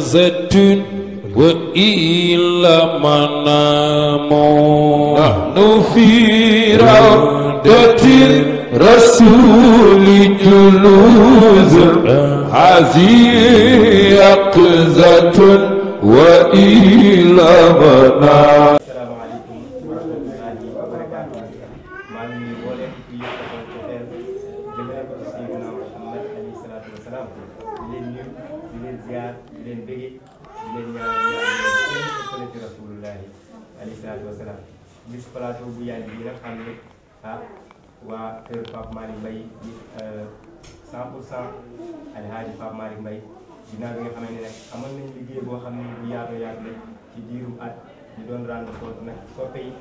Zatun wa ila manam mo nufirah dati rasululil noozah hazee wa ila manam Pape Malick Mbaye di 100 euh, pour cent Alhaaji Pape Malick Mbaye ginnaaw bi nga xamante ne nag liggéey boo xam ne bu yaatoo yaatu la ci diirum at ñu doon rendre compte nag soppe yi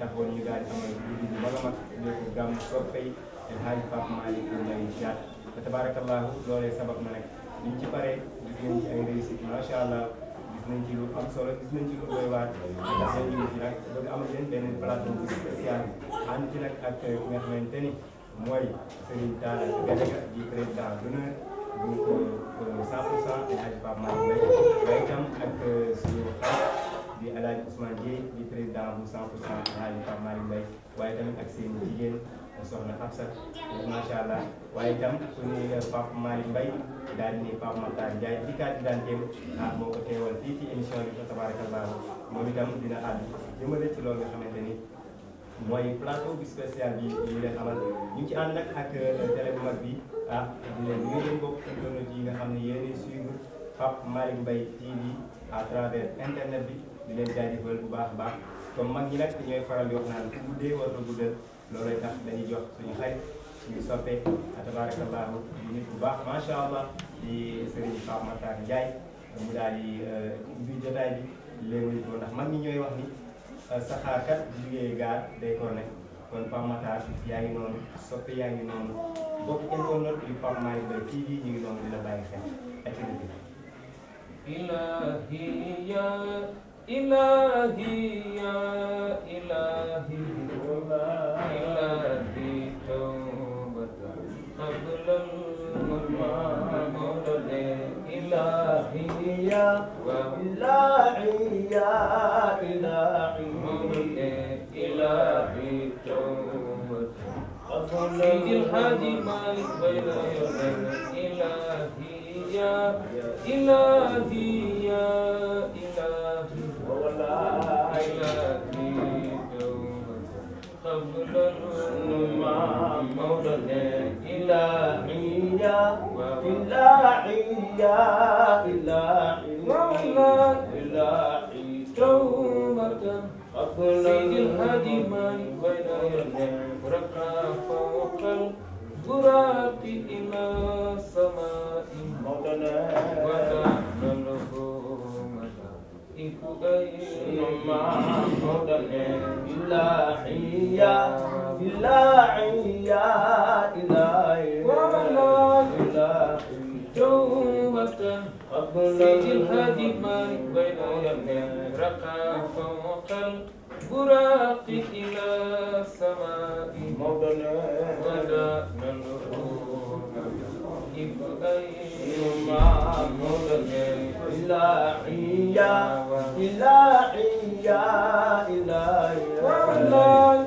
taxoon ñu daal di amal guddi bu mag a mag léegi gàmm soppe yi Alhaaji Pape Malick Mbaye jaat te tabaarakallaahu loolee sabab na nag liñ ci paree gis nañ ci ay réussite allah gis nañ ci lu am solo gis nañ ci lu doy waar ndax dañu ci nag ci nag ak nga xamante ni mooy Serigne Talla Gadiaga di président d'honneur bu 100 pour 100 El Hadj Pape Malick Mbaye waaye itam ak euh, suñu xarit di El Hadj Ousmane Dieye di président bu 100 pour 100 El Hadj Pape Malick Mbaye waaye tamit ak seen jigéen soxna Absat macha allah waaye itam ku ni Pape Malick Mbaye daal di ni Pape Makhtar Ndiaye di kàddu daan teem ah moo ko teewal fii ci émission bi fa tabaarakallah moom itam dina àddu jëmale ci loolu nga xamante ni. mooy plateau bu spécial bi ñu leen amal ñu ngi ci ànd nag ak euh, télé bu mag bi ah di leen nuyu leen bokk internautes yi nga xam ne yéen a suivre Pape Malick TV à travers internet bi di leen jaajëfal bu baax a baax comme mag ñi nag ñooy faral di wax naan ku guddee war na guddal loolooy tax dañuy jox suñu xarit suñu soppe tabarakallahu di nit bu baax macha allah di sëriñ Pape Matar Ndiaye mu daal di euh, ubbi jotaay bi léegi ko ndax mag ñi ñooy wax ni. saxaarkat di liggéey gaar day konne kon Pape Matar yaa ngi noonu soppe yaa ngi noonu bokk internet yu Pape Malick TV yi ñu ngi noonu di la bàyyi xel activité ilahiya ilahiya ilahi ilahi tawbatan qablal إلهي يا إلهي يا إلهي إلهي سيدي الحاجي مالك بين يومين إلهي يا إلهي يا إلهي ولا إلهي خبر ما مولانا إلهي إلا حيا إلا حيا إلا حيا توبة قبل الهدم بين يدي رقى فوق الغرات إلى السماء موطنا وكان إلا حيا إلا حيا إلهي توبة قبل الهدم بين يمين رقى فوق البراق إلى السماء موضنا ودعنا الروح مع موضنا إلهيا إلهيا إلهيا والله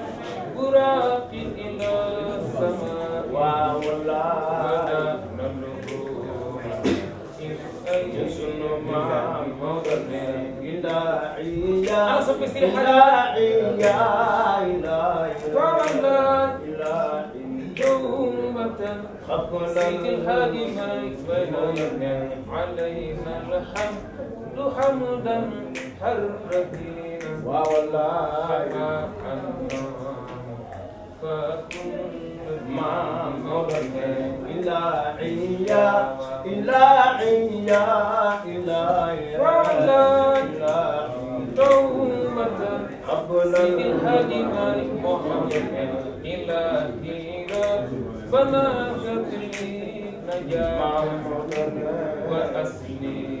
البراق إلى السماء ونحن نلقوه إذ أجسن مع يا إلهية أصف سحرا إلهية إلهية توبة سيد الهادي مكبلا علينا الحمد حمدا حرتينا ووالله ما ضرب إلهيا إلهيا إلهيا تومة سيد الهادي مالك محمد إلهينا فما تدري نجاح وأسلم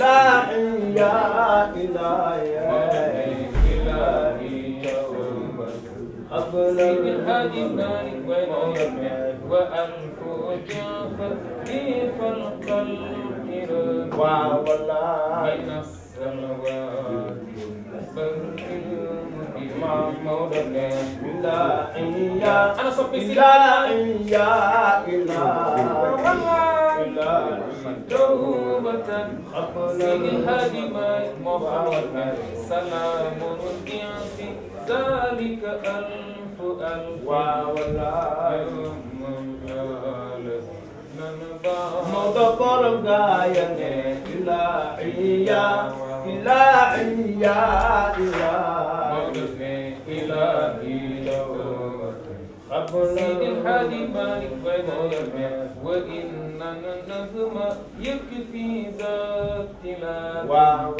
إلهي يا إلهي قبل الهادي مالك والملك وأن كنت في خلق القلب بين السماوات مع مولانا إلهي يا إلهي يا إلهي توبة قبل الهدم محمد سلام ردع في ذلك ألف ألف مضبر غاية إلهية إلهية إلهية إلهية سيد الحادي مالك بين يربع وإننا النظم يكفي ذات لا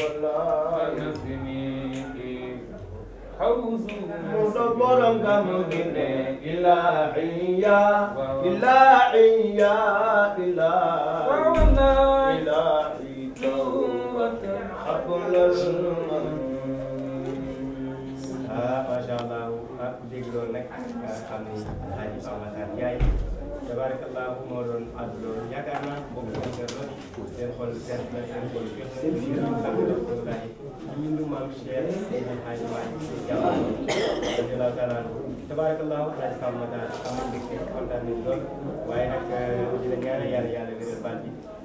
مدبرم كمدن إلهيا إلهيا إلهيا حب الله ما شاء الله dégg loolu nag ak nga xam ni Alaaji Pape Makhtar Ndiaye tabarakallah moo doon àddu loolu yaakaar naa bokk concert la seen xol seen na seen xol fex na seen ngir sant Rasulullah ñundu maam Cheikh Seydi Hadji Malick Sy Dabakh radiyallahu taala anhu tabarakallah Alaaji Pape Makhtar am na mbégte kontaan nañ lool waaye nag dina ñaanal yàlla yàlla wéral baat bi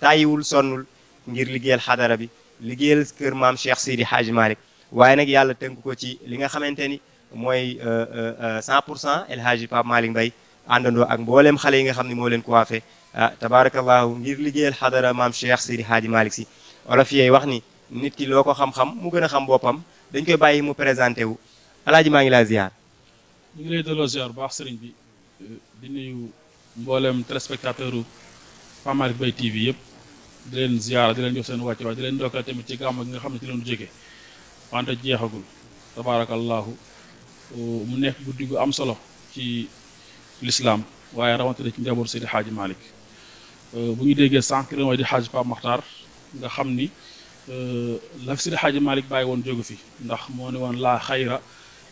tàyyiwul sonnul ngir liggéeyal xadara bi liggéeyal kër maam Cheikh Sidi Hadj Malick waaye nag yàlla tënk ko ci li nga xamante ni mooy euh, euh, cent pour cent El Hadj Pape Malick Mbaye àndandoo ak mboolem xale yi nga xam ne moo leen ko waafee ah tabaarakallahu ngir liggéeyal xadara maam Cheikh Sidi Hadj Malick si olof yeey wax ni nit ki loo ko xam-xam mu gën a xam boppam dañ koy bàyyi mu présenté wu alaaji maa ngi laa ziar. ñu ngi bi delloo ziar bu bi euh, mboolem téléspectateur yëpp. dilen ziyara dilen di leen jox seen wàcc waaye di tamit ci gam ak nga xam ne ci leen jóge wante jeexagul tabarakallah mu nekk guddi gu am solo ci l'islam waye rawante ci njaboot Seydi haji malik bu ñu déggee sank rew di haji pa Makhtar nga xamni la fi Seydi Xaaji Malick bàyyi woon jógu fi ndax mo ne won la khayra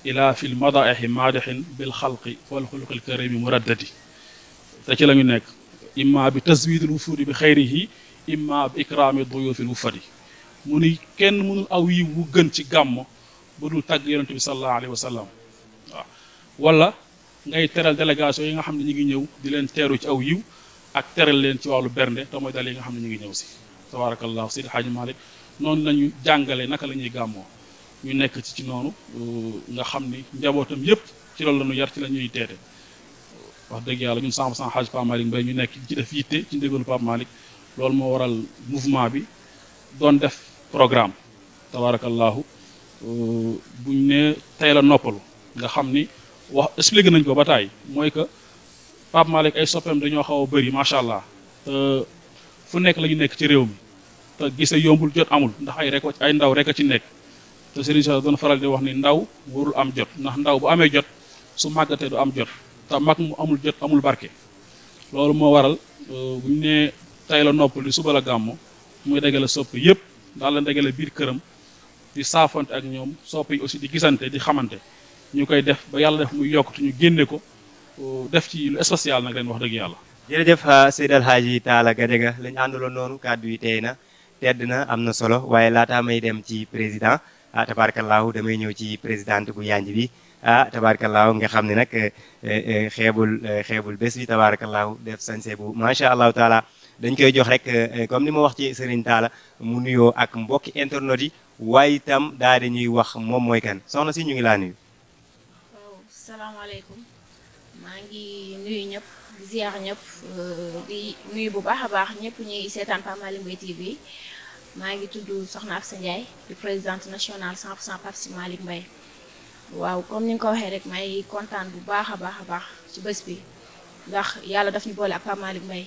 ila fi al madaaxi maadixin bil khalqi wal khuluq al-karim muraddati ta ci la ñu nekk imma bi taswidul wufuudi bi khayrihi إما bi ikraami duyufin wu كان mu أوي kenn mënul aw yiw wu gën ci gàmm ba dul tàgg ngay teral délégation yi nga xam ne ñu ngi ñëw di leen teeru ci aw yiw ak teral leen ci wàllu bernde te mooy dal yi nga xam ne ñu ngi ñëw si tabarakallahu sidi xaaji malik noonu lañu jàngale naka la ñuy ñu nekk ci ci noonu nga xam ni njabootam yépp ci loolu la yar ci la teete wax dëgg yàlla ñun 100% xaaj Pape Malick Mbaye ñu nekk ci def yitte ci ndégalu Pape Malick loolu moo waral mouvement bi doon def programme tabaarakallaahu buñ ne tey la noppalu nga xam ni wax expliqué nañ ko ba taay mooy que Pape Malick ay soppeem dañoo xaw a bëri macha allah te fu nekk la ñu nekk ci réew mi te gise yombul jot amul ndax ay rek ay ndaw rek a ci nekk te Serigne Sall doon faral di wax ni ndaw warul am jot ndax ndaw bu amee jot su màggatee du am jot te mag mu amul jot amul barke loolu moo waral buñ ne tey la noppali suba la gàmmu muy dajale sopp yépp daal la dajale biir këram di saafante ak ñoom sopp yi aussi di gisante di xamante ñu koy def ba yàlla def muy yokkute ñu génne ko euh, def ci lu spécial nag leen wax dëgg yàlla. jërëjëf euh, Seydal Hadji Talla Gadiaga la ñu àndaloon noonu kàddu yi tey na tedd na am na solo waaye laataa may dem ci président ah, tabaarkallaahu damay ñëw ci présidente gu yanj bi. ah tabaarkallaahu nga xam ne nag euh, xeebul xeebul bés bi tabaarkallaahu def dañ koy jox rek euh, euh, comme ni ma wax ci Serigne tala mu nuyo ak mbokki internet yi waye tam daal dañuy wax mom moy kan soxna si ñu ngi la nuyu. waaw salam salaamaaleykum ma ngi nuyu ñep ziar ñep euh, di nuyu bu baax baax ñep ñuy seetaan Pape Malick mbay TV ma ngi tuddu Soxna Absa ndjay di présidente nationale 100 pour 100 Pape Malick Mbaye waaw comme ni nga ko waxe rek may kontaan bu baax a baax baax ci bëss bi ndax yalla daf ñu bolé ak Pape Malick mbay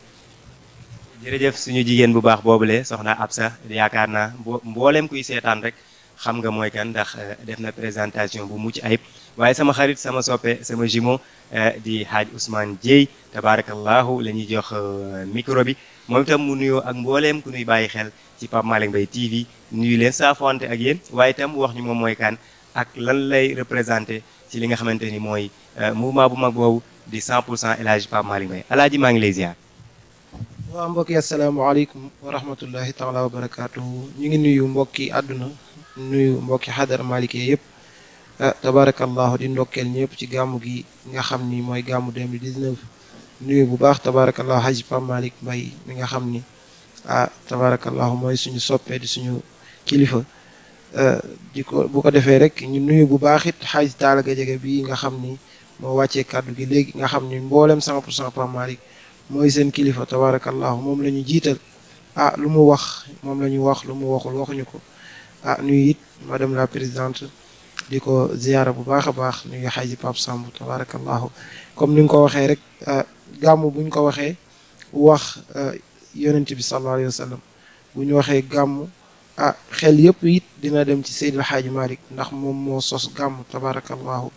jërëjëf suñu jigéen bu baax boobu boobule soxna sax yaakaar naa mbooleem kuy seetaan rek xam nga mooy kan ndax eh, def na présentation bu mucc ayib waaye sama xarit sama soppe sama jumeau eh, di Haaj Ousmane Dieye tabaarakallaahu la ñuy jox eh, micro bi moom itam mu nuyoo ak mbooleem ku nuy bàyyi xel ci Pape Malick Mbaye TV nuyu leen saafonte ak yéen waaye itam wax ñu moom mooy kan ak lan lay représenté ci li nga xamante ni mooy mouvement bu mag boobu di 100 pour cent El Hadj Pape Malick Mbaye alaaji ngi lay ziar. waaw mbokki asalaamaaleykum wa rahmatullahi taala wa barakaatu ñu ngi nuyu mbokki àdduna nuyu mbokki xadar malike yëpp ah, tabaarakallahu di ndokkeel ñëpp ci gàmmu gi nga xam ni mooy gàmmu 2019 nuyu bu baax tabaarakallahu Haji Pam Malick mbay mi nga xam ni ah tabaarakallahu mooy suñu soppee di suñu kilifa ah, di ko bu ko defee rek ñu nuyu bu baax it Haji Taala Gajege bii nga xam ni moo wàccee kàddu gi léegi nga xam ni mboolem 100 pour cent mooy seen kilifa tabaarakallaahu moom la jiital ah lu mu wax moom la wax lu mu waxul waxuñu ko ah nuyu it madame la présidente di ko ziyaara bu baax a baax nuyu xaaji Pape Samb tabaarakallaahu comme ni nga ko waxee rek ah, gàmm buñ ko waxee wax ah, yonent bi sallallahu alayhi wa bu ñu waxee gàmm ah xel yëpp it dina dem ci Seydil Xaaji Malick ndax moom moo sos gàmm tabaarakallaahu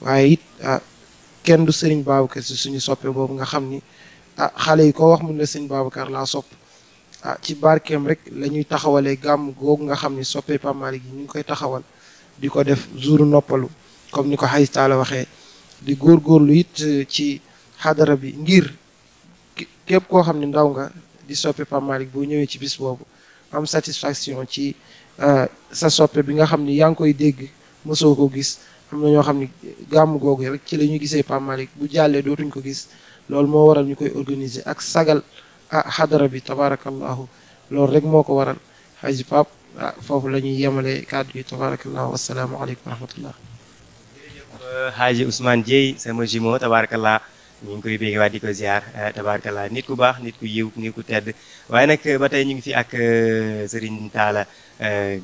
waaye it ah, kenn du Serigne Babacar Sy suñu soppee boobu nga xam ni ah xale yi ko wax mu la sëñ Babacar laa sopp ah ci barkeem rek lañuy ñuy taxawalee gàmm googu nga xam ni soppee Pape Malick yi ñu koy taxawal di ko def jouru noppalu comme ni ko Xays Taala waxee di góorgóorlu it eh, ci xadara bi ngir képp koo xam ne ndaw nga di soppe Pape boo ñëwee ci bis boobu am satisfaction ci eh, sa soppe bi nga xam ni yaa ngi koy dégg mosoo ko gis am na ñoo xam ni gàmm googu rek ci la ñuy gisee Pape bu jàllee dootuñ ko gis loolu moo waral ñu koy organiser ak sagal ah xadara bi tabarakallahu loolu rek moo ko waral xaji pap ah, foofu la ñuy yemalee kàddu yi tabarakallahu wasalaamualeykum wa rahmatullah jërëjëf euh, xaaji Ousmane Dieye sama jimo tabarakallah ñu ngi koy béggewaat di ko ziar euh, tabarakallah nit ku baax nit ku yiw nit ku tedd waaye nag ba tey ñu ngi fi ak euh, Serigne Talla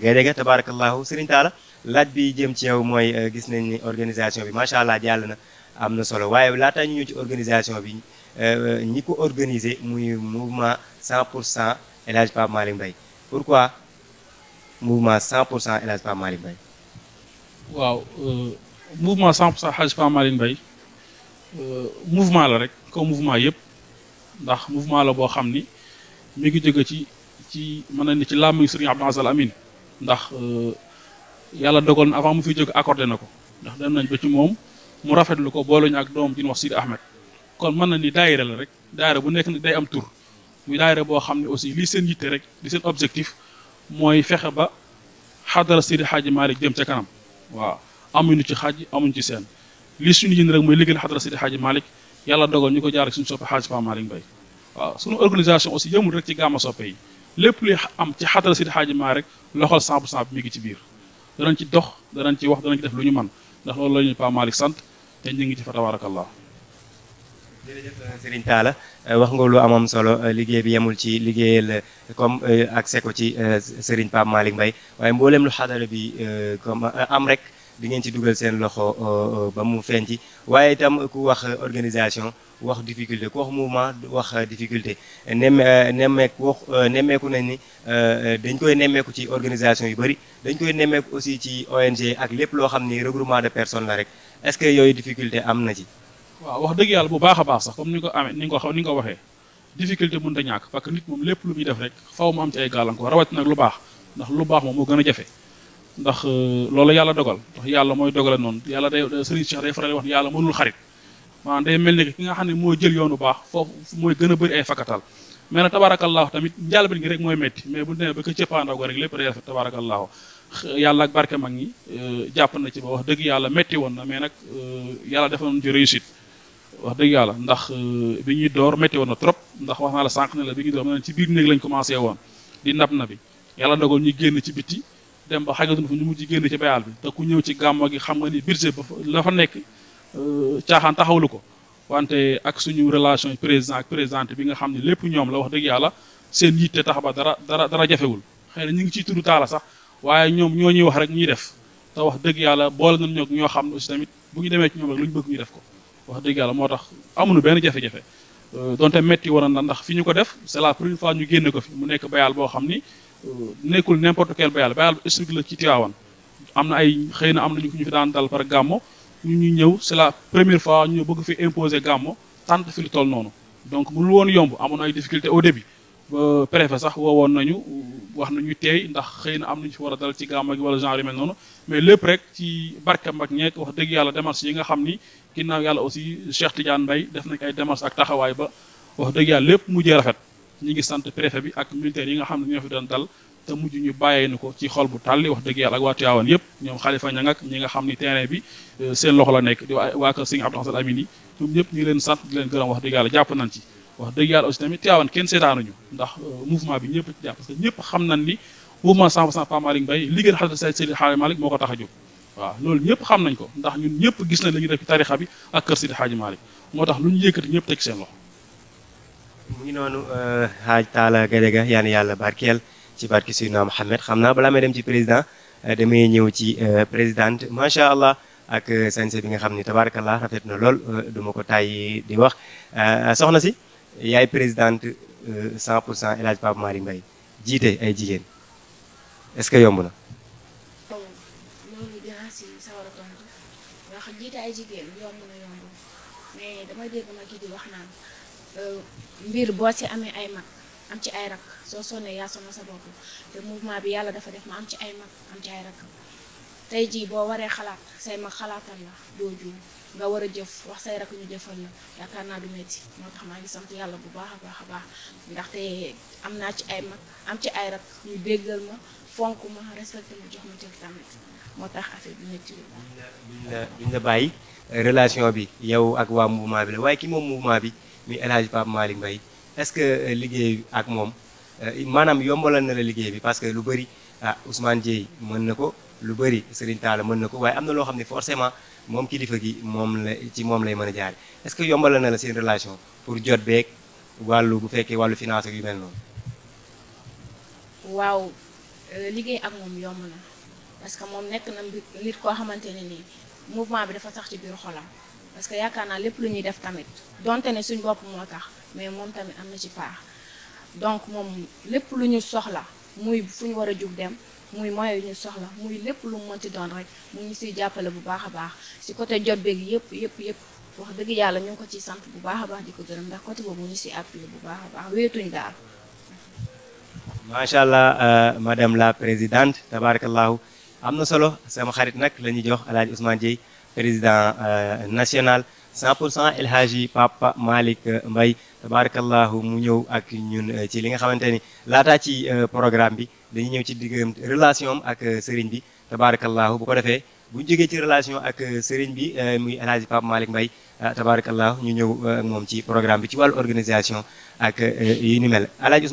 Gadeega tabarakallahu Serigne Talla laaj bi jëm ci yow mooy gis nañ ni organisation bi macha allah jàll na amna solo solo la tay ñu ci organisation bi euh, ñi ko organiser muy mouvement 100 pour cent El bay pourquoi mouvement 100 pour cent El bay waaw euh mouvement 100 pour cent El bay euh mouvement la rek comme mouvement yépp ndax mouvement la bo xamni ni mi ngi jóge ci ci mën ni ci làmmiñ Serigne Abdou Aziz Al Amin ndax euh yalla na avant mu fi jëg accordé nako ndax dem nañ ba ci mom mu rafetlu ko booluñu ak doom bi ñu wax Sidi Ahmed kon mën na ni daayira la rek daayira bu nekk ni day am tur muy daayira boo xam ne aussi li seen yitte rek li seen objectif mooy fexe ba xadara Sidi Xaaji Malick jëm ca kanam waaw amuñu ci xaaj amuñu ci seen li suñu yéen rek mooy liggéeyal xadara Sidi Xaaji Malick yàlla dogal ñu ko jaar ak suñu soppe xaaji Paa Malick Mbaye waaw suñu organisation aussi yëmul rek ci gàmma soppe yi lépp luy am ci xadara Sidi Xaaji Malick loxol 100 bi mi ngi ci biir danañ ci dox danañ ci wax danañ ci def lu ñu man ndax loolu la ñu Paa Malick sant te ñu fa tabarakallah jërëjëf euh, Serigne Talla euh, wax nga lu amam solo euh, liggéey bi yemul ci la comme accès ko ci Serigne Pape Malick waaye mbooleem lu xadara bi comme am rek di ngeen ci dugal seen loxo ba mu feeñ ci waaye itam ku wax organisation wax difficulté ku wax mouvement wax difficulté nemme nemmeeku wax nemmeeku nañ ni dañ koy nemmeeku ci organisation yu bëri dañ koy nemmeeku aussi ci ONG ak lépp loo xam ni regroupement de personne la rek est-ce que yooyu difficulté am na ci. waaw wax dëgg yàlla bu baax a baax sax comme ni ko amee ni nga ko ni nga ko waxee difficulté mënut a ñàkk parce que nit moom lépp lu muy def rek faw mu am ci ay gàllankoor rawatina nag lu baax ndax lu baax moom moo gën a jafe. ndax euh, loolu yàlla dogal ndax yàlla mooy dogale noonu yàlla day Serigne Cheikh day faral wax ne yàlla mënul xarit maanaam day nga xam ne moo jël yoonu baax foofu mooy gën a bëri ay fakatal mais nag tabaarakallaahu tamit njàlbeen gi rek mooy métti mais bu lépp day rafet tabaarakallaahu yàlla ak barke mag ñi euh, jàpp na ci ba wax dëgg yàlla métti woon na mais nag euh, yàlla defoon ci réussite wax dëgg yàlla ndax euh, bi ñuy door métti woon na trop ndax wax naa la sànq ne la bi ñuy door biir néeg lañ commencé woon di nab na bi yàlla dogal ñu génn ci bitti dem ba xajatuñ fa ñu mujj génn ci bayaal bi te ku ñëw ci gàmmo gi xam nga ni budget ba la fa nekk caaxaan taxawlu ko wante ak suñu relation président ak bi nga xam ne lépp ñoom la wax dëgg yàlla seen yitte tax ba dara dara dara jafewul xëy na ñu ngi ciy tudd taala sax waaye ñoom ñoo ñuy wax rek ñuy def te wax dëgg yàlla boole nañ ñoog ñoo xam ne aussi tamit bu ñu demee ci ñoom rek lu ñu bëgg ñu def ko wax dëgg yàlla moo tax amuñu benn jafe-jafe euh, donte metti waroon na ndax fi ñu ko def c'est la première fois ñu génne ko fi mu nekk bayaal boo xam ni euh, nekkul n'importe quel bayaal bayaal bu historique la ci Tivaouane am na ay xëy na am na ñu ko ñu fi daan dal par gàmmo ñu ñu ñëw c'est la première fois ñu bëgg fi imposer gàmmo tant fi lu toll noonu donc mënul woon yomb amoon ay difficulté au ba préfet sax woowoon nañu wax nañu teey ndax xëy na am nañu fi war a dal ci gàmmu gi wala genre yu mel noonu mais lépp rek ci barke mag ñeek wax dëgg yàlla démarche yi nga xam ni ginnaaw yàlla aussi Cheikh Tidiane Mbaye def nañ ay démarche ak taxawaay ba wax dëgg yàlla lépp mujjee rafet ñu ngi sant préfet bi ak militaire yi nga xam ne ñoo fi doon dal te mujj ñu bàyyee ni ko ci xol bu tàlli wax dëgg yàlla ak waa Tivaouane yëpp ñoom xalifa ñang ak ñi nga xam ni terrain bi euh, seen loxo la nekk di waa waa kër Serigne Abdou Hassane Amine wax dëgg yàlla jàpp ci wax dëgg yàlla aussi tamit Tivaouane kenn seetaanuñu ndax euh, mouvement bi ñëpp ci jàpp parce que ñëpp xam nañ ni mouvement 100% Pape Malick Mbaye liggéeyal xalifa Seydil Seydil Hadji Malick moo ko tax a jóg waaw xam nañ ko ndax ñun ñëpp gis nañ li ñu def ci tarixa bi ak kër Seydil Hadji Malick moo tax lu ñu yëkkati ñëpp teg seen loxo mu ngi noonu euh, Hadj Talla Gadiaga yaa ni yàlla barkeel ci barki barke Seydina Mohamed xam naa balaa may dem ci président euh, damay ñëw ci présidente macha allah ak sañse bi nga xam ni tabarakallah rafet na lool du ma ko tàyyi di wax soxna si yaay présidente 100 euh, pour cent El Hadj Pape Malick jiite ay jigéen est-ce que yomb na. loolu dinaa si jiite ay jigéen yomb na yomb mais dama dégg ma kii di wax naan euh, mbir boo si amee ay mag am ci ay rak soo sonnee yaa sonn sa bopp te mouvement bi yàlla dafa def ma am ci ay mag am ci ay rak. tey jii boo waree xalaat say mag xalaatal la doo juum nga war a jëf wax say rak ñu jëfal la yaakaar naa du metti moo tax maa ngi sant yàlla bu baax a baax a baax ndaxte am naa ci ay mag am ci ay rak ñu déggal ma fonk ma respecté ma jox ma cër tamit moo tax affaire bi metti bi duñ bàyyi relation bi yow ak waa mouvement bi la waaye ki moom mouvement bi muy élage Hadj Pape Malick est-ce que euh, liggéey ak moom euh, maanaam yombalal na la liggéey bi parce que lu bëri ah Ousmane Dieye na ko lu bëri Serigne Talla mën na ko waaye am na loo xam ne forcément moom kilifa gi moom la ci moom lay mën a jaar est-ce que yombal na la seen relation pour jot beeg wàllu bu fekkee wàllu finance ak yu mel noonu. waaw euh, liggéey ak moom yomb na parce que moom nekk na nit koo xamante ne nii mouvement bi dafa sax ci biir xolam parce que yaakaar naa lépp lu ñuy def tamit donte ne suñ bopp moo tax mais moom tamit am na ci paax donc moom lépp lu ñu soxla muy fu ñu war a jug dem. muy moyen yu ñu soxla muy lépp lu mu mënti doon rek mu ngi siy jàppale bu baax a baax si côté jot beeg yëpp yëpp yëpp wax dëgg yàlla ñu ko ciy sant bu baax a baax di ko gërëm ndax côté boobu ñu si appuyé bu baax a baax wéetuñ daal. macha allah euh, madame la présidente tabarakallahu am na solo sama xarit nag la ñuy jox El Hadj Ousmane Dieye président euh, national. 100 pour cent El Hadji Papa Malick euh, Mbaye tabarakallahu mu ñëw ak ñun ci li nga xamante ni laataa ci programme bi dañuy ñëw ci diggante relation ak euh, sëriñ bi tabaarakallaahu bu ko defee bu ñu ci relation ak euh, sëriñ bi euh, muy El Hadj Pape Malick Mbaye tabaarakallaahu ñu ñëw ak moom ci programme bi ci wàllu organisation ak yu ni mel El Hadj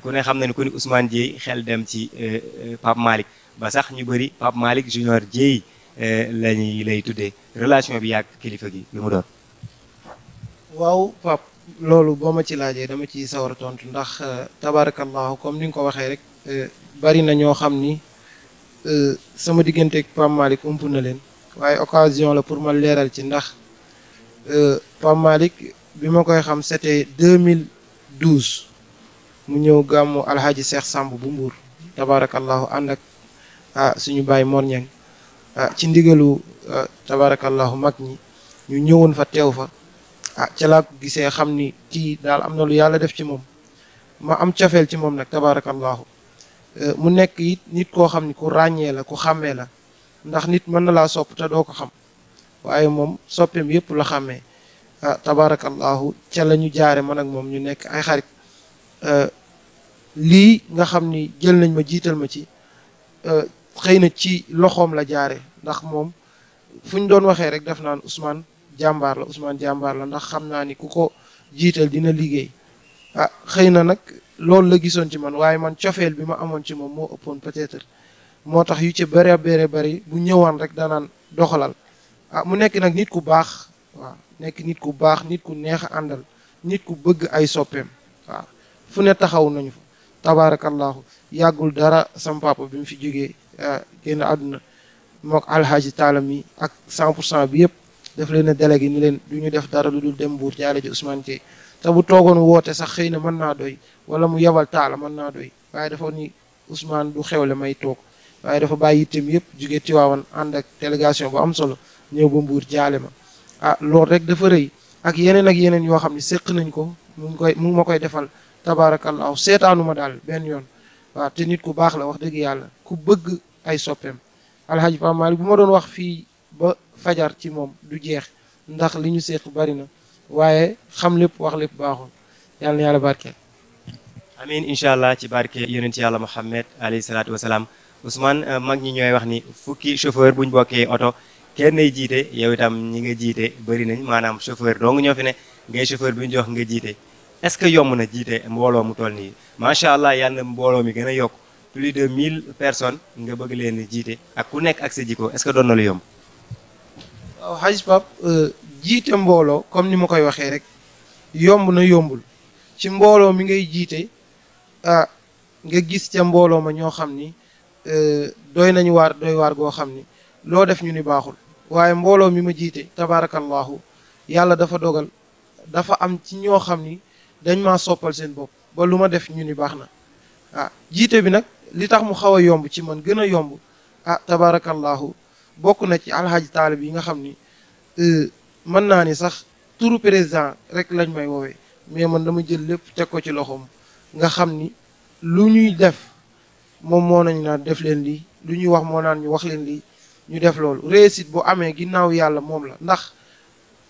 ku ne xam na ne ku ni Ousmane Dieye xel dem ci Pape Malick ba sax ñu bëri Pape Malick Junior Dieye lañuy lay tuddee relation bi yàgg kilifa gi lu mu doon. loolu boo ma ci laajee dama ci sawar a tontu ndax euh, tabaarakallaahu comme ni nga ko waxee rek euh, bari na ñoo xam ni euh, sama digganteeg Pape Malick ump na leen waaye ocasion la pour ma leeral ci ndax Pape Malick bi ma koy xam c'était 2012 mu ñëw gàmmu alhaji Cheikh sàmb bu Mbour tabaarakallaahu ànd ak ah suñu baay Mor Niang ah ci ndigalu ah, tabaarakallaahu mag ñi ñu ñëwoon fa teew fa ah ca laa ko gisee xam ni kii daal am na lu yàlla def ci moom ma am cafeel ci moom nag tabaarakallaahu eh, mu nekk it nit koo xam ni ku ràññee la ku xàmmee la ndax nit mën na laa sopp te doo ko xam waaye moom soppeem yépp la xàmmee ah tabaarakallaahu ca la ñu jaare man ak moom ñu nekk ay xarit eh, lii nga xam ni jël nañ ma jiital ma ci eh, xëy na ci loxoom la jaare ndax moom fu ñu doon waxee rek def naan usmaan jambar ah, la Ousmane jambar la ndax xamna ni kuko jital dina liggey ah xeyna nak lolou la gison ci man waye man tiofel bima ma ci mom mo ëppoon peut-être motax yu ci bare bare bari bu ñewon rek nan doxalal ah mu nekk nak nit ku bax wa nekk nit ku bax nit ku neex a nit ku bëgg ay soppeem wa fu ne taxaw nañu fa tabaarakallahu dara sam papa bimu fi jógee euh ah, genn aduna mok alhaji talami ak 100 bi daf leen a délégué ni leen du ñu def dara lu dul dem Mbuur jaale ji Ousmane Dieye te bu toogoon woote sax xëy na mën naa doy wala mu yebal taala man naa doy waaye dafa ni Ousmane du xewle may toog waaye dafa bàyyi itam yëpp jugee Tiwaawan ànd ak délégation bu am solo ñëw ba Mbuur jaale ma ah loolu rek dafa rëy ak yeneen ak yeneen yoo xam ne séq nañ ko mu koy mu ma koy defal tabaarakallaahu seetaanu seetaanuma daal benn yoon waaw te nit ku baax la wax dëgg yàlla ku bëgg ay soppeem fajar ci moom du jeex ndax li ñu seq bari na waaye xam lépp wax lépp baaxul yàlla na yàlla barkeel. amiin incha allah ci barke ci yàlla Muhammad alayhi salaatu wasalaam Ousmane euh, mag ñi ñooy wax ni fukki chauffeur buñ bokkee oto kenn jiite yow itam ñi nga jiite bëri nañ maanaam chauffeur dong ñoo fi ne ngay chauffeur bi ñu jox nga jiite. est-ce que yomb na jiite mbooloo mu toll nii macha allah yàlla na mbooloo mi gën a yokk plus de 1000 personnes nga bëgg leen jiite ak ku nekk ak sa jikko est-ce que waaw xaj pap euh, jiite mbooloo comme ni ma koy waxee rek yomb na yombul ci mbooloo mi ngay jiite ah, nga gis ca mbooloo ma ñoo xam ni euh, doy nañu waar doy waar goo xam ni loo def ñu ni baaxul waaye mbooloo mi ma jiite tabaarakallaahu yàlla dafa dogal dafa am ci ñoo xam ni dañ maa soppal seen bopp ba lu ma def ñu ni baax na ah jiite bi nag li tax mu xaw a yomb ci man gën a yomb ah tabaarakallaahu bokk na ci alxaaji taalib yi nga xam ni mën naa ni sax turu président rek lañ may woowee mais man dama jël lépp teg ko ci loxoom nga xam ni lu ñuy def moom moo nañu naan def leen lii lu ñuy wax moo naan ñu wax leen lii ñu def loolu réussite bu amee ginnaaw yàlla moom la ndax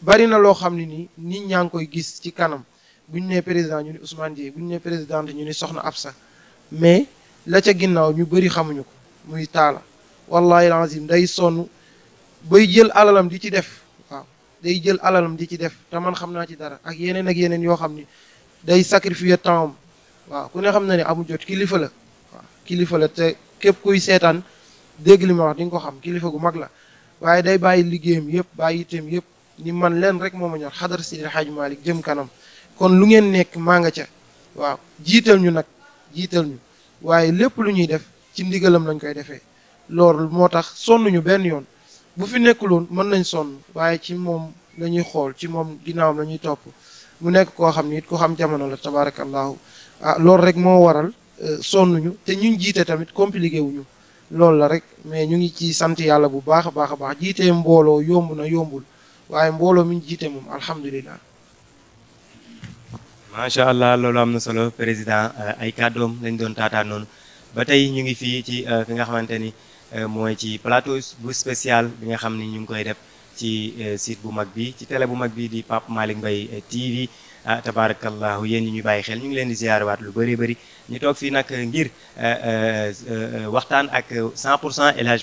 bari na loo xam ne nii nit ñaa ngi koy gis ci kanam bu ñu nee président ñu ni Ousmane Dieye bu ñu nee présidente ñu ni Soxna Absa mais la ca ginnaaw ñu bëri xamuñu ko muy taala wallahi alazim day sonn bay jël alalam di ci def day jël alalam di ci def te man xam naa ci dara ak yeneen ak yeneen yoo xam ni day sacrifier temps am waaw ku ne xam na ne amu jot kilifa la waaw kilifa la te képp kuy seetaan dégg li di nga ko xam kilifa gu mag la waaye day bàyyi liggéeyam yëpp bàyyi itam yëpp ni man leen rek moom ma ñor xadar Seydi Hadj Malick jëm kanam kon lu ngeen nekk maa nga ca waaw jiital ñu nag jiital ñu waaye lépp lu ñuy def ci ndigalam lañ koy defee loolu moo tax sonnuñu benn yoon bu fi nekkuloon mën nañ sonn waaye ci moom la ñuy xool ci moom ginnaawam lañuy ñuy topp mu nekk koo xam ni it ko xam jamono la tabaarakallaahu ah loolu rek moo waral eh, sonnuñu te ñu jiite tamit compliqué wuñu loolu la rek mais ñu ngi ci sant yàlla bu baax a baax a baax jiite mbooloo yomb na yombul waaye mbooloo mi jiite moom alhamdulilah. macha allah loolu am na solo président eh, ay kàddoom lañ doon taataan noonu ba tey ñu ngi fii ci ki eh, nga xamante ni. Euh, mooy ci plateau bu spécial bi nga xam ni ñu ngi koy def ci euh, site bu mag bi ci télé bu mag bi di Pape Malick Mbaye euh, TV ah tabarakallahu yéen ñi ñu bàyyi xel ñu ngi leen di ziyaarawaat lu bëri bari ñu toog fii nag ngir waxtaan ak 100 pour cent El Hadj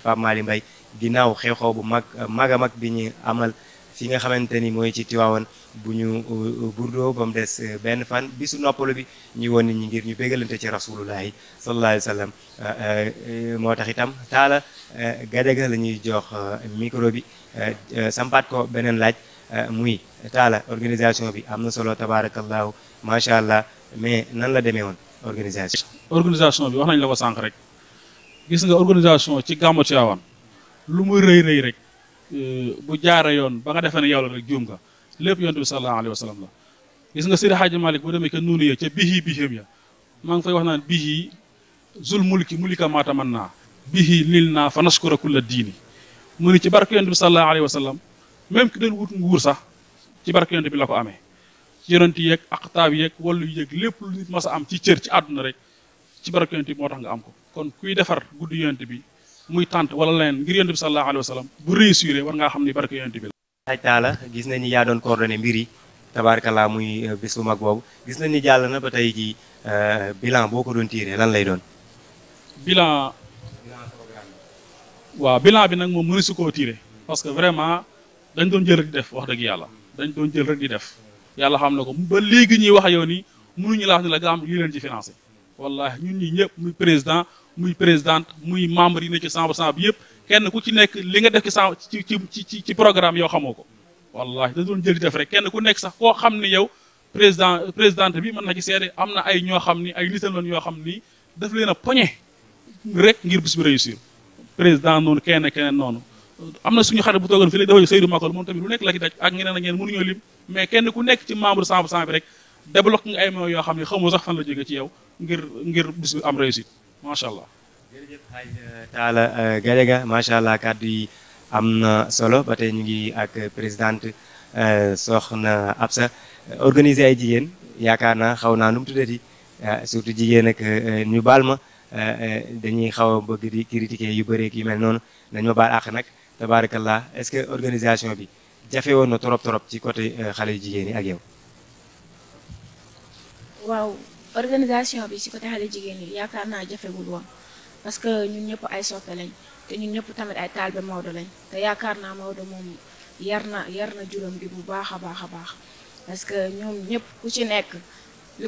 ginnaaw xew-xew bu mag mag a mag bi ñu amal fi nga xamante ni mooy ci Tiwaawan bu ñu burdoo euh, euh, ba mu des euh, benn fan bisu noppalu bi ñu woon nit ñi ngir ñu bégalante ci rasulullahi sallallahu alayhi wa sallam moo tax itam taala gadaga la ñuy jox micro bi sampaat ko beneen laaj muy taala organisation bi am na solo tabarakallahu macha allah mais nan la demee woon organisation organisation bi wax nañ la ko sànq rek gis nga organisation ci gàmmu Tiwaawan lu mu rëy rëy rek bu jaara yoon ba nga defee ne yow rek juum nga lépp yonent bi sallallahu alayhi wa sallam la gis nga Seydi Hadji Malick bu demee ca nuunu ya ca bihi bihim ya maa ngi fay wax naan bihi zul mulki mulika man naa bihi lil naa fa naskura kulla diini mu ni ci barke yonent bi sallallahu alayhi wa même ki doon wut nguur sax ci barke yonent bi la ko amee ci yonent yeeg aqtaab yeeg wallu yeeg lépp lu nit mas am ci cër ci àdduna rek ci barke yonent bi moo tax nga am ko kon kuy defar guddi yonent bi muy tànt wala leneen ngir yonent bi sallallahu alayhi wa sallam bu réussir war ngaa xam ni barke yonent xajtaa la gis nañ ni yaa doon coordonné mbir yi tabaarkalla muy euh, bés bu mag boobu gis nañ ni jàll na ba tey jii euh, bilan boo ko doon tiiree lan lay doon. bilan. waaw bilan bi nag moom mënu si koo tiire parce que vraiment dañ doon jël rek def wax dëgg yàlla dañ doon jël rek def yàlla xam na ko ba léegi ñuy wax yow ni mënuñu laa wax la gaa am leen ci financé. wallahi ñun ñi ñëpp muy président muy présidente muy membre yi ne ci 100% bi yëpp kenn ku ci nekk li nga def ci sa ci ci ci programme yoo xamoo ko wallahi da doon jëli def rek kenn ku nekk sax koo xam ni yow président présidente bi mën na ci seere am na ay ñoo xam ni ay nitam lan yoo xam ni daf leen a poñe rek ngir bis bi réussir président noonu kenn keneen noonu am na suñu xarit bu toogoon fii léegi dafa Seydou Makol moom tamit lu nekk la ci daj ak ñeneen ak ñeneen mënuñoo lim mais kenn ku nekk ci membre 100 pour bi rek débloqué nga ay moyens yoo xam ne xamoo sax fan la jóge ci yow ngir ngir bis am réussite macha allah jërëjëf xaaj euh, Talla euh, Gadiaga macha allah kàddu yi am na solo ba tey ñu ngi ak présidente euh, soxna sa organiser ay jigéen yaakaar naa xaw naa nu mu tuddati surtout jigéen ak ñu baal ma dañuy xaw a bëgg di critiquer yu bëreek yu mel noonu nañ ma baal àq nag tabaarakallah est-ce que organisation bi jafe woon na torop torop ci côté xale yu jigéen yi ak yow. waaw organisation bi ci côté xale jigéen yi yaakaar naa jafewul woon. parce que ñun ñëpp ay soppe lañ te ñun ñëpp tamit ay taalibe mawdo lañ te yaakaar naa mawdo moom yar na yar na juróom bu baax a baax a baax parce que ñoom ñëpp ku ci nekk li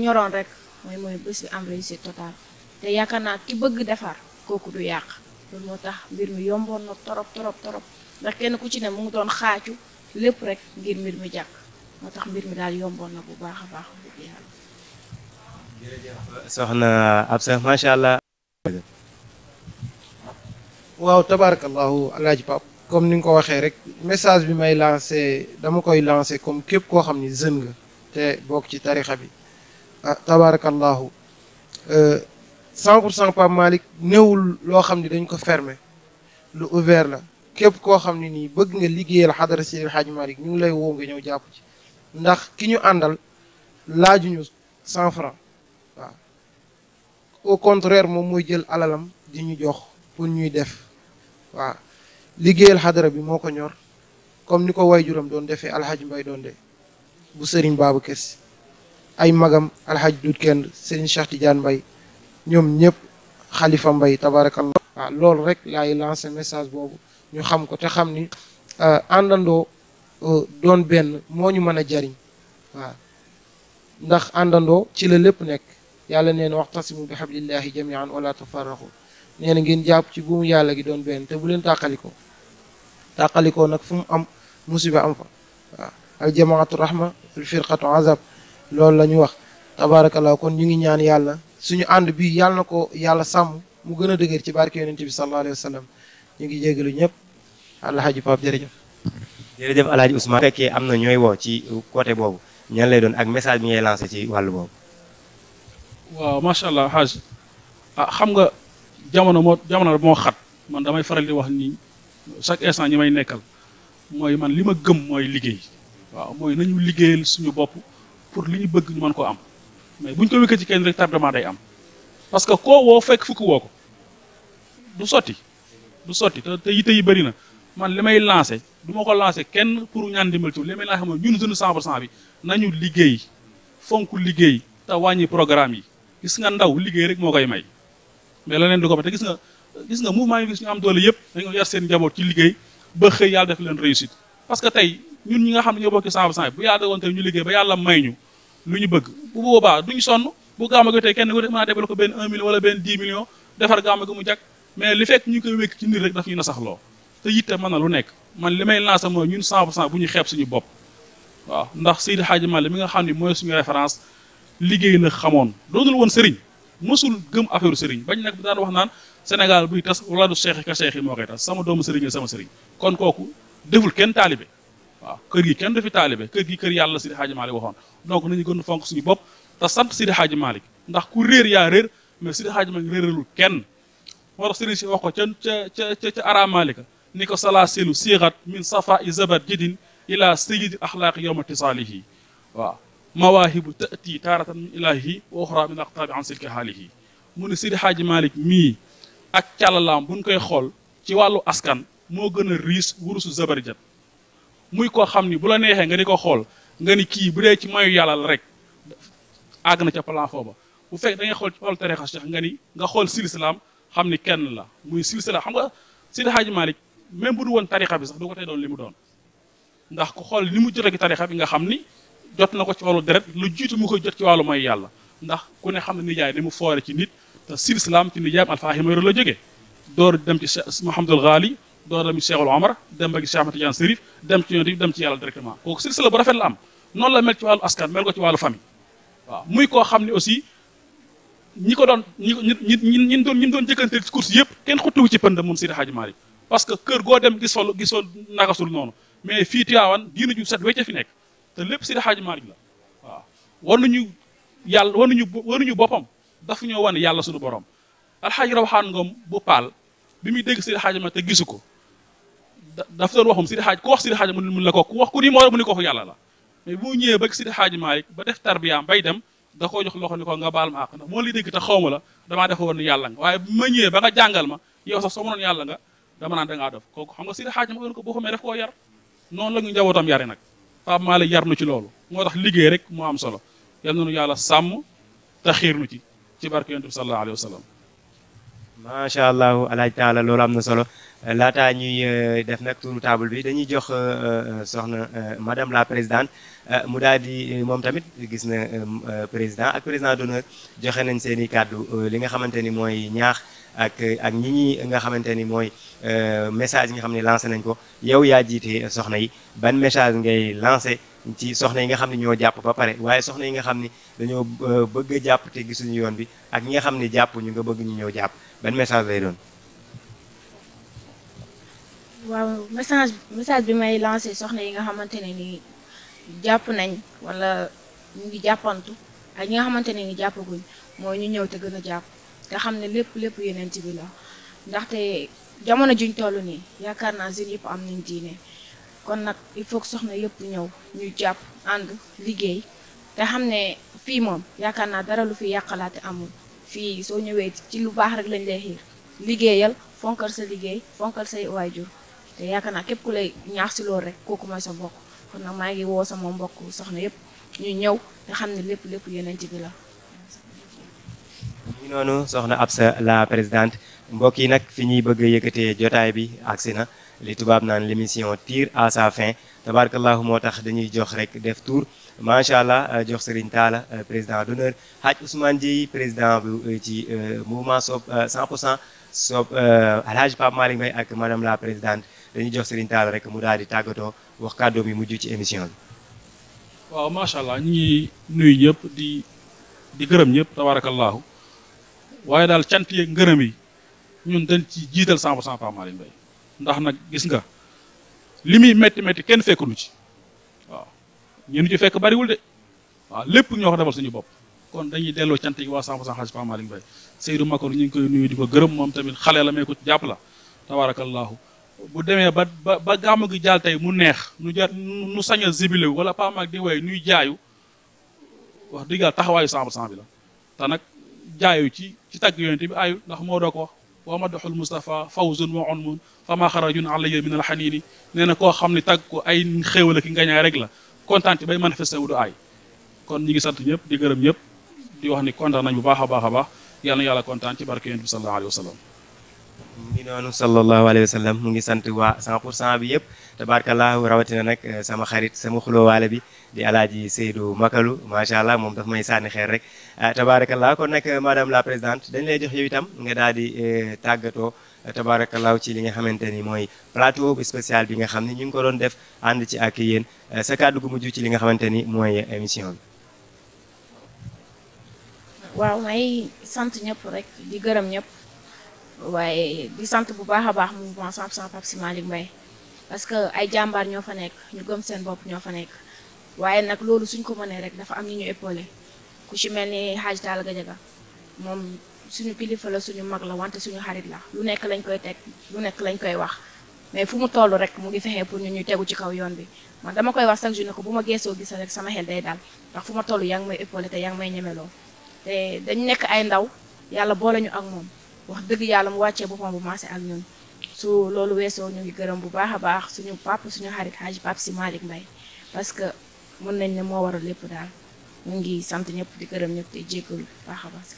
ñoroon rek mooy mooy bés bi am réussite total te yaakaar naa ki bëgg defar kooku du yàq loolu moo tax mbir mi na torop torop torop ndax kenn ku ci ne mu ngi doon xaacu lépp rek ngir mbir mi jàkk moo tax mbir mi daal yomboon na bu baax a baax bu jeexal. allah waaw tabarakallahu alaaji pap comme ni nga ko waxee rek message bi may lancé dama koy lancé comme képp koo xam ni jeune nga te bokk ci tarixa bi ah tabarakallahu 100 euh, pour cent Pape Malick loo xam ni dañ ko fermé lu ouvert la képp koo xam ne nii bëgg nga liggéeyal xadara Seydi El Hadji Malick ñu ngi lay wow nga ñëw jàpp ci ndax ki ñu àndal laajuñu 100 francs au contraire moom mooy jël alalam di ñu jox pour ñuy def waa liggéeyal xadara bi moo ko ñor comme ni ko waajuram doon defee alxaj mbay doon de bu sëriñ baabu kes ay magam alxaj dut kenn sëriñ Cheikh Tidiane mbay ñoom ñëpp xalifa mbay tabarakallah waaw loolu rek laay lancé message boobu ñu xam ko te xam ni euh, àndandoo euh, doon benn moo ñu mën a jariñ waaw ndax àndandoo ci la lépp nekk يالا نين واقتصموا بحبل الله جميعا ولا تفرقوا نين نين جاب تي بوم يالا كي دون بين تي بولين تاخاليكو تاخاليكو نك فوم ام مصيبه ام الجماعه الرحمه في الفرقه عذاب لول لا تبارك الله كون نيغي نيان يالا سونو اند بي يالا نكو يالا سام مو غنا دغير تي تبي صلى الله عليه وسلم نيغي جيغلو نيب الحاج باب جيرجف جيرجف الحاج عثمان كي امنا نيوي وو تي كوتي بوبو ñan lay doon ak message bi ngay lancé waaw macha allah xaaj ah xam nga jamono moo jamono moo xat man damay faral di wax nii chaque instant ñi may nekkal mooy man li ma gëm mooy liggéey waaw mooy nañu liggéeyal suñu bopp pour li ñu bëgg ñu mën koo am mais bu ñu ko wékkee ci kenn rek tardement day am parce que koo woo fekk fukk woo ko du sotti du sotti te te yite yi bëri na man li may lancé du ma ko lancé kenn pour ñaan dimbal ci li may lancé mooy ñun suñu 100 pour cent bi nañu liggéey fonk liggéey te wàññi programme yi gis nga ndaw liggéey rek moo koy may mais leneen du ko may te gis nga gis nga mouvement yi gis ñu am doole yëpp dañoo yar seen njaboot ci liggéey ba xëy yàlla def leen réussite parce que tey ñun ñi nga xam ne ñoo bokk ci 100% bu ñu liggéey ba yàlla may ñu lu ñu bëgg bu a débal ko benn 1 suñu bopp waaw ndax Seydi Hadji Malick nga xam ne mooy suñu référence liggéey na xamoon doonul woon sëriñ mosul gëm affaire sëriñ bañ nag daan wax naan Sénégal buy tas wala du seex ka seex moo koy tas sama doomu sëriñ la sama sëriñ kon kooku deful kenn taalibe waaw kër gi kenn du fi taalibe kër gi kër yàlla Sidi Hadji Malick waxoon donc nañu gën fonk suñu bopp te sant Sidi Hadji Malick ndax ku réer yaa réer mais xaaj Hadji Malick réeralul kenn moo tax sëriñ si wax ko ca ca ca ca ara ni ko sala selu siixat min safa i zabat jidin ila sayidi axlaaqi yowma tisaalihi waaw mawaahibu tati taaratan min ilaahi wa uxra min aqtaabi an silki haalihi mu ne Sidi Xaaji Malick mii ak càllalaam buñ koy xool ci wàllu askan moo gën a riis wurusu zabarjat muy koo xam ni bu la neexee nga di ko xool nga ni kii bu dee ci mayu yàlla la rek àgg na ca plafond ba bu fekk da ngay xool ci wàllu tarixa cheikh nga ni nga xool silsilaam xam ni kenn la muy silsila xam nga Sidi Xaaji Malick même bu du woon tarixa bi sax du ko tey doon li mu doon ndax ku xool li mu jotee gi tarixa bi nga xam ni jot na ko ci walu deret lu jiitu mu koy jot ci walu may yàlla ndax ku ne xam ne nijaay ni mu foore ci nit te islam ci nijaayam alfaahi mayru la joge door dem ci Mouhamadul Ghali door dem ci Cheikhul Omar dem ba ci Cheikh ahmed Tidiane Serif dem ci yoni dem ci yàlla directement ko sir islam bu rafet la am non la mel ci walu askan mel ko ci walu famille wa muy ko xamni aussi ñi ko don ñi ñi ñi don ñi don jëkkante ci course yëpp kenn xuttuwu ci pënd moom sir Hadji malik parce que kër go dem gisol gisol nagasul fa mais fi tiawan diinu ju set wecce fi nekk te lépp Seydi Hadji Malick la waaw wanuñu yàlla wanuñu wanuñu boppam dafa ñoo wane yàlla suñu borom alxaaji Rawxaan Ngom bu paal bi muy dégg Seydi xaaj Malick te gisu ko dafa doon waxum Seydi Hadji ku wax Seydi Hadji mun la ko ku wax ku ni moo mu ko yàlla la mais bu ñëwee ba Seydi Hadji Malick ba def tarbiyaam bay dem da koo jox loxo ni ko nga baal ma àq moo li dégg te ma la damaa def woon yàlla nga waaye ba nga jàngal ma yow sax soo yàlla nga dama naan da ngaa def kooku xam nga Seydi Hadji ma ko boo xamee daf koo yar noonu la ñu njabootam yare nag Pape Malick yar nu ci loolu moo tax liggéey rek moo am solo yal na nu yàlla sàmm te xiir nu ci ci barke yonent bi sallallahu alayhi wa sallam. macha allah alaaj taala loolu am na solo laataa ñuy def nag turu table bi dañuy jox soxna madame la présidente mu daal di moom tamit gis na président ak président d'honneur joxe nañ seen i kàddu li nga xamante ni mooy ñaax. ak ñi ñi nga xamante ni mooy euh, message yi nga xam ne lancé nañ ko yow yaa jiite soxna yi ban message ngay lancé ci soxna yi nga xam ne ñoo jàpp ba pare waaye soxna yi nga xam ne dañoo euh, bëgg jàpp te gisuñu yoon bi ak ñi xam ne jàpp ñu nga bëgg ñëw jàpp ban message lay doon. message bi may lancé soxna yi nga xamante ni jàpp nañ wala ñu ngi jàppantu ak ñi nga xamante ne ni jàppaguñ mooy ñu ñëw te gën a jàpp. te xam ne lépp lépp yenent bi la ndaxte jamono juñ toll nii yaakaar naa jeunes yëpp am nañ diine kon nag il faut soxna yëpp ñëw ñu jàpp ànd liggéey te xam ne fii moom yaakaar naa dara lu fi yàqalaate amul fii soo ñëwee ci lu baax rek lañ lay xiir liggéeyal fonkal sa liggéey fonkal say waajur te yaakaar naa képp ku lay ñaax si loolu rek kooku mooy sa mbokk kon nag maa ngi woo sama mbokk soxna yëpp ñu ñëw te xam ne lépp lépp yenent bi la noonu soxna Absa la président mbokk yi nag fi ñuy bëgg a yëkkatee jotaay bi agsi na li tubaab naan l'émission tire à sa fin tabaarakallahu moo tax dañuy jox rek def tour macha allah euh, jox Serigne Talla euh, président d'honneur Hadj Ousmane ji président bu euh, ci mouvement Sopp 100 pour 100 Sopp Alhaji Pape Malick Mbaye ak madame la présidente dañuy jox Serigne Talla rek mu daal di tàggatoo wax kàddoom yi mujj ci émission bi. waaw macha allah ñu ngi nuyu di gërëm ñëpp tabaarakallaahu waaye daal cant yeeg ngërëm yi ñun dañ ci jiital 100 pour cent Pape Malick ndax nag gis nga li muy metti métti kenn fekkunu ci waaw ñun ci fekk bariwul de waaw lépp ñoo ko defal suñu bopp kon dañuy delloo cant yi waa 100 pour cent xaalis Pape Malick Mbaye Seydou Makor ñu ngi koy nuyu di ko gërëm moom tamit xale la mee ko jàpp la tabaarakallaahu bu demee ba ba ba gàmm gi jaal mu neex nu ja nu sañ a wala Pape Malick di way nuy jaayu wax dëgg yàlla taxawaayu 100 pour bi la te nag jaayu ci ci tàgg yonente bi ayut ndax moo doo ko wax wa madaxul Moustapha fawzun wa unmun fa ma xarajun alayya min alxanini nee na koo xam ne tàgg ko ay xéewal ak ngañaay rek la kontaan bay manifesté wu du aay kon ñi ngi sant ñëpp di gërëm ñëpp di wax ni kontaan nañ bu baax a baax a baax yàlla na yàlla kontaan ci barke yonente bi sallallahu alayhi wa sallam mu ngi noonu sallallahu alayhi wa sallam mu ngi sant waa 100 pour cent bi yëpp tabaarkallahu rawatina nag eh, sama xarit sama waale bi di alaaji Seydou Makalu macha allah moom daf may sànni xeer rek eh, tabaarakallah kon nag eh, madame la présidente dañ lay jox yow itam nga daal di tàggatoo tabaarakallah ci li nga xamante ni mooy plateau spécial bi nga xam ni ñu ngi ko doon def ànd ci ak yéen sa kàddu gu mujj ci li nga xamante ni mooy émission bi. waaw may sant ñëpp rek di gërëm ñëpp. waaye di sant bu baax a baax mouvement 100% Pape Sy Malick Mbaye parce que ay jàmbaar ñoo fa nekk ñu seen bopp ñoo fa nekk waaye nag loolu suñ ko mënee rek dafa am ñu ñu épaulé ku ci mel ni Hadj Talla Gadiaga moom suñu kilifa la suñu mag la wante suñu xarit la lu nekk lañ koy teg lu nekk lañ koy wax mais fu mu toll rek mu ngi fexee pour ñu ñuy tegu ci kaw yoon bi man dama koy wax chaque jour ko bu ma geesoo gis rek sama xel day daal ndax fu ma toll yaa ngi may épaulé te yaa ngi may ñemeloo te dañu nekk ay ndaw yàlla boole ñu ak moom wax dëgg yàlla mu wàccee boppam bu maase ak ñun su loolu weesoo ñu ngi gërëm bu baax a baax suñu pap suñu xarit Hadj Pape Sy Malick Mbaye parce que mën nañ ne moo waral lépp daal mu ngi sant ñëpp di gërëm ñëpp di jéggalu baax a baax.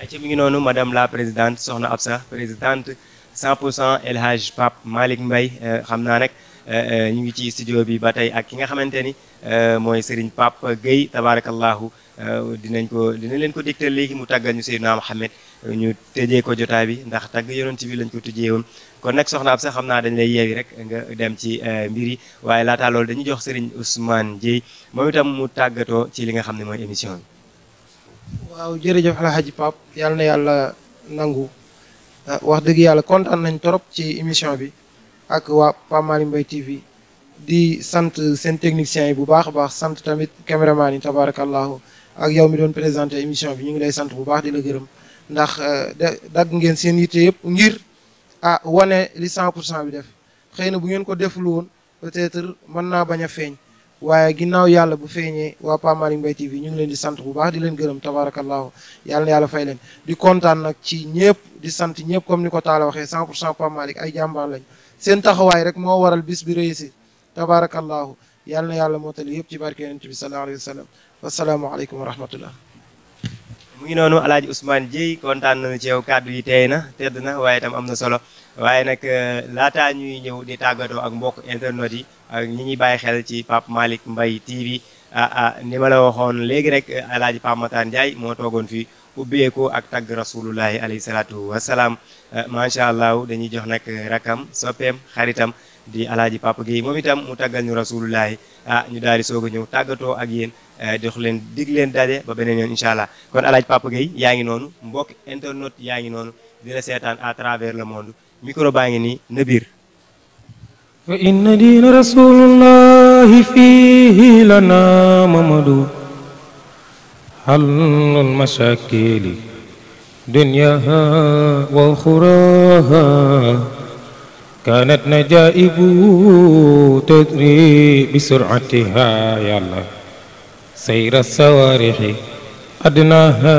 ayca mi ngi noonu madame la présidente soxna Absa présidente 100 cent El Hadj Pape Malick Mbaye euh, xam naa nag. Euh, euh, ñu ngi ci studio bi ba tey ak ki nga xamante ni mooy Serigne Pape Gueye tabaarakallaahu dinañ ko dinañ leen ko digtal léegi mu tàggal ñu Seydina Muhammad ñu tëjee ko jotaay bi ndax tàgg yonent bi lañ ko tëjee woon kon nag soxna ab sax xam naa dañ lay yeewi rek nga dem ci eh, mbir yi waaye laataa loolu dañuy jox Serigne Ousmane Dieye moom itam mu tàggatoo ci li nga xam ne mooy émission bi. waaw jërëjëf Alhaji Pape yàlla na yàlla nangu ah, wax dëgg yàlla kontaan nañ trop ci émission bi ak waa Pape Malick Mbaye TV di sant seen techniciens yi bu baax a baax sant tamit caméraman yi tabaarakallaahu ak yow mi doon présenté émission bi ñu ngi lay sant bu baax di la gërëm ndax euh, dagg ngeen seen yitte yëpp ngir ah wane li 100 pour cent bi def xëy na bu ngeen ko deful woon peut-être mën naa bañ a feeñ waaye ginnaaw yàlla bu feeñee waa Pape Malick Mbaye TV ñu ngi leen di sant bu baax di leen gërëm tabaarakallaahu yàlla na yàlla fay leen di kontaan nag ci ñëpp di sant ñëpp comme ni ko Talla waxee 100 pour cent Pape Malick ay jàmbaar lañ seen taxawaay rek moo waral bis bi réussir tabaarakallaahu yàlla na yàlla mootali yëpp ci barke yonent bi sallallaahu alayhi wa wasalaamaaleykum wa rahmatullah mu ngi noonu alaaji Ousmane Dieye kontaan nañu ci yow kàddu yi teey na tedd na waaye itam am na solo waaye nag euh, laataa ñuy ñëw di tàggatoo ak mbokk internet yi ak ñi bàyyi xel ci Pape Malick mbay TV ah ni ma la waxoon léegi rek euh, alaaji Pape Matar Ndiaye moo toogoon fii ubbeeku ak tagg rasulullahi alayhi salaatu wasalaam euh, macha allah dañuy jox nag rakam soppeem xaritam di alaji Papa gi moom itam mu tagal ñu rasulullahi ah ñu daari di soog tagato ñëw tàggatoo ak yéen dox e, leen dig leen dajé ba benen yoon inshallah kon alaji Papa gi yaangi non mbok internet yaangi non di la setan à travers le monde micro baangi ni nebir fa inna din rasulullahi fihi lana mamadu halul masakili dunyaha wa xuraha كانت نجائب تدري بسرعتها يا الله سير السوارح أدناها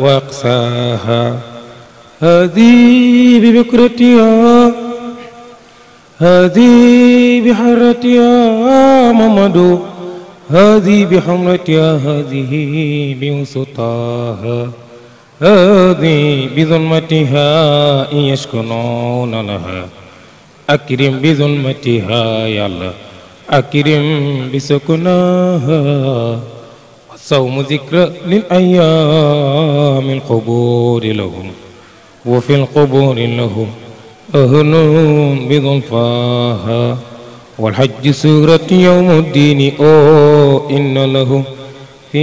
وأقصاها هذه ببكرتها هذه بحرتها ممد هذه بحمرتها هذه بوسطاها هذه بظلمتها إن يشكرون لها أكرم بظلمتها يا الله أكرم بسكناها والصوم ذكر للأيام القبور لهم وفي القبور لهم أهل بظلفاها والحج سورة يوم الدين أو إن له في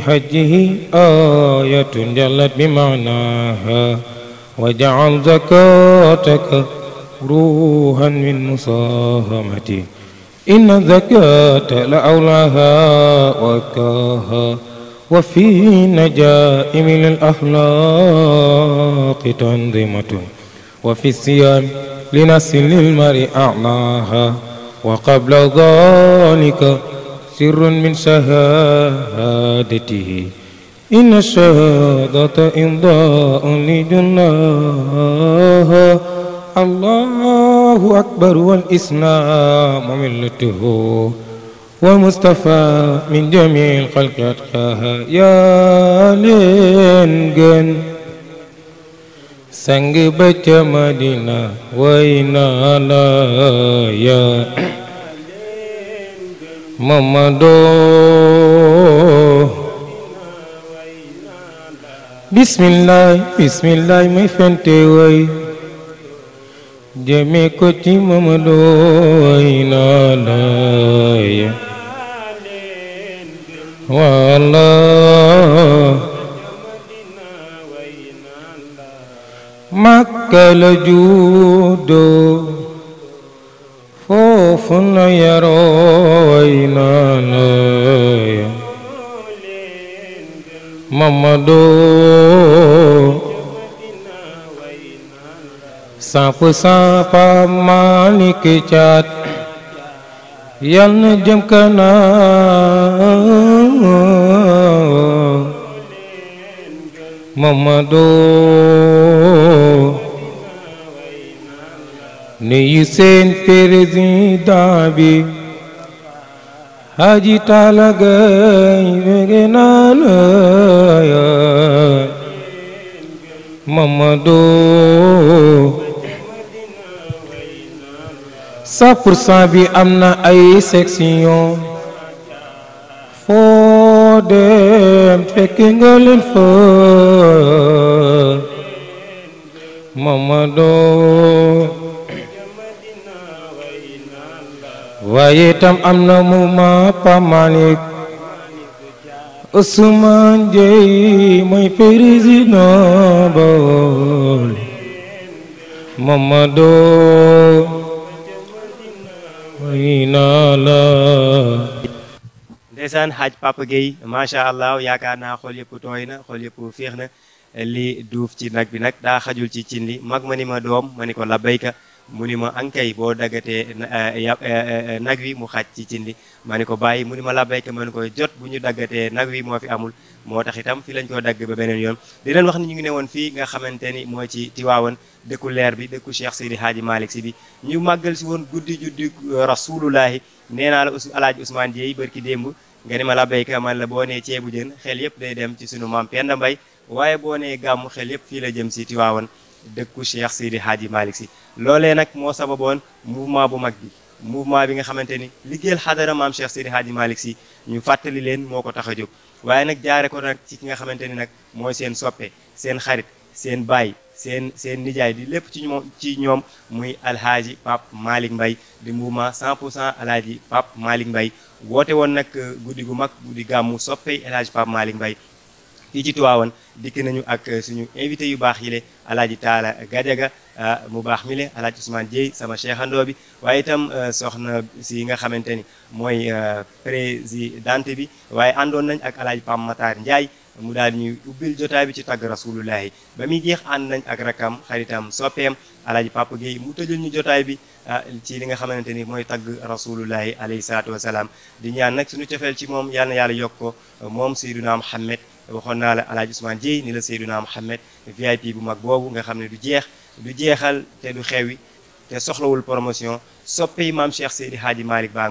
حجه آية جلت بمعناها وجعل زكاتك مكروها من مصاهمة إن الزكاة لأولاها وكاها وفي نجائم الأخلاق تنظمة وفي الصيام لنسل المرء أعلاها وقبل ذلك سر من شهادته إن الشهادة إمضاء لجناها الله أكبر والإسلام ملته ومصطفى من جميع الخلق أتقاها يا لينجن سنگ بچ مدينة وينا لا يا ممدو بسم الله بسم الله ما my friend jëme ko ci mamadooy naa laaya walla makka la juddoo foofu la yarooy naa laaya Sapu sapa manik cat Yan jam kana Mamado Niyisen terzi dabi Haji talagai vegenana Mamado cent pour bi am na ay section foo dem fekk nga leen fa Mamadou waaye tam am na mouvement Pa Malick Ousmane Dieye mooy président ba Mamadou bari naa la ndeysaan xaaj Papa Gueye macha allah yaakaar naa xool yëpp tooy na xool yëpp féex na li duuf ci nag bi nag daa xajul ci cin li mag ma ni ma doom ma ni ko mu ni ma ankay boo dagatee eh, eh, eh, nag wi mu xaj ci cin li ni ko bàyyi mu ni ma labbayka ma ni ko jot bu ñu daggatee nag wi moo fi amul moo tax itam fi lañ koo dagg ba beneen yoon di leen wax ni ñu ngi ne woon fii nga xamante ni moo ci Tiwaawan dëkku leer bi dëkku Cheikh Seydi Hadji Malick si bi ñu màggal si woon guddi juddi rasulullahi nee naa la us alaaji Ousmane Dieye barki démb nga ni ma labbayka man la boo nee ceebu jën xel yëpp day dem ci sunu maam Penda Mbay waaye boo nee gàmmu xel yëpp fii la jëm si Tiwaawan dëkku Cheikh Seydi Hadji Malick si loolee nag moo sababoon mouvement bu mag bi mouvement bi nga xamante ni liggéeyal xadara maam Cheikh Seydi Hadji Malick Sy ñu fàttali leen moo ko tax a jóg waaye nag jaare ko nag ci ki nga xamante ni nag mooy seen soppe seen xarit seen baay seen seen nijaay di lépp ci ñoom ci ñoom muy alhaaji Pape Malick mbay di mouvement 100 pour cent alhaaji Pape Malick Mbaye woote woon nag euh, guddi gu mag guddi mu soppe alhaaji Pape Malick mbay fii ci Tiwaawan dikk nañu ak euh, suñu invité yu baax yi yile alaaji Taala Gajaga euh, mu baax mi le alaaji Ousmane Dieye sama cheikhandoo bi waaye itam euh, soxna si nga xamante ni mooy présidente bi waaye andoon nañ ak alaaji Pam Matar njaay mu daal di ñuy ubbil jotaay bi ci tagg rasulullahi ba muy jeex ànd nañ ak rakam xaritam soppeem alaaji Papa Gueye mu tëjul ñu jotaay bi ci li nga xamante ni mooy tagg rasulullahi alayhi salaatu wasalaam di ñaan nag suñu cofeel ci moom yal yàlla yokk waxoon naa la alaaji Ousmane Dieye ni la Seydouna Mohamed VIP bu mag boobu nga xam ne du jeex du jeexal te du xewi te soxlawul promotion soppey maam Cheikh Seydi Hadji Malick baa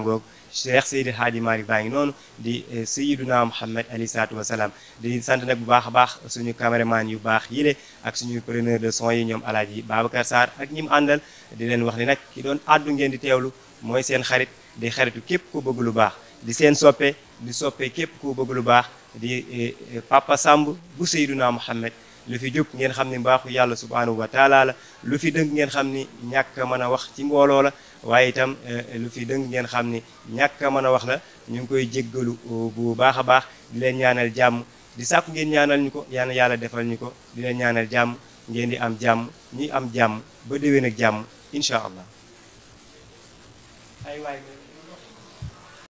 Cheikh Seydi Hadji Malick baa ngi noonu di Seydouna Mohamed alayhi salaatu wasalaam di sant nag bu baax baax suñu caméraman yu baax yile ak suñu preneur de son yi ñoom alaaji Babacar Sarr ak ñi mu àndal di leen wax ni nag ki doon àddu ngeen di teewlu mooy seen xarit di xaritu képp ku bëgg lu baax di seen soppe di soppe képp ku bëgg lu baax di eh, eh, papa Samb bu Seydouna Mouhamed lu fi jóg ngeen xam ni mbaaxu yàlla subhanahu wa taala la lu fi dëng ngeen xam ni ñàkk mën a wax ci mbooloo la waaye itam eh, lu fi dëng ngeen xam ni ñàkk mën a wax la ñu ngi koy jéggalu oh, bu baax a baax di leen ñaanal jàmm di sàkku ngeen ñaanal ñu ko yal yàlla defal ñu ko di leen ñaanal jàmm ngeen di am jàmm ñi am jàmm ba déwén ak jàmm incha allah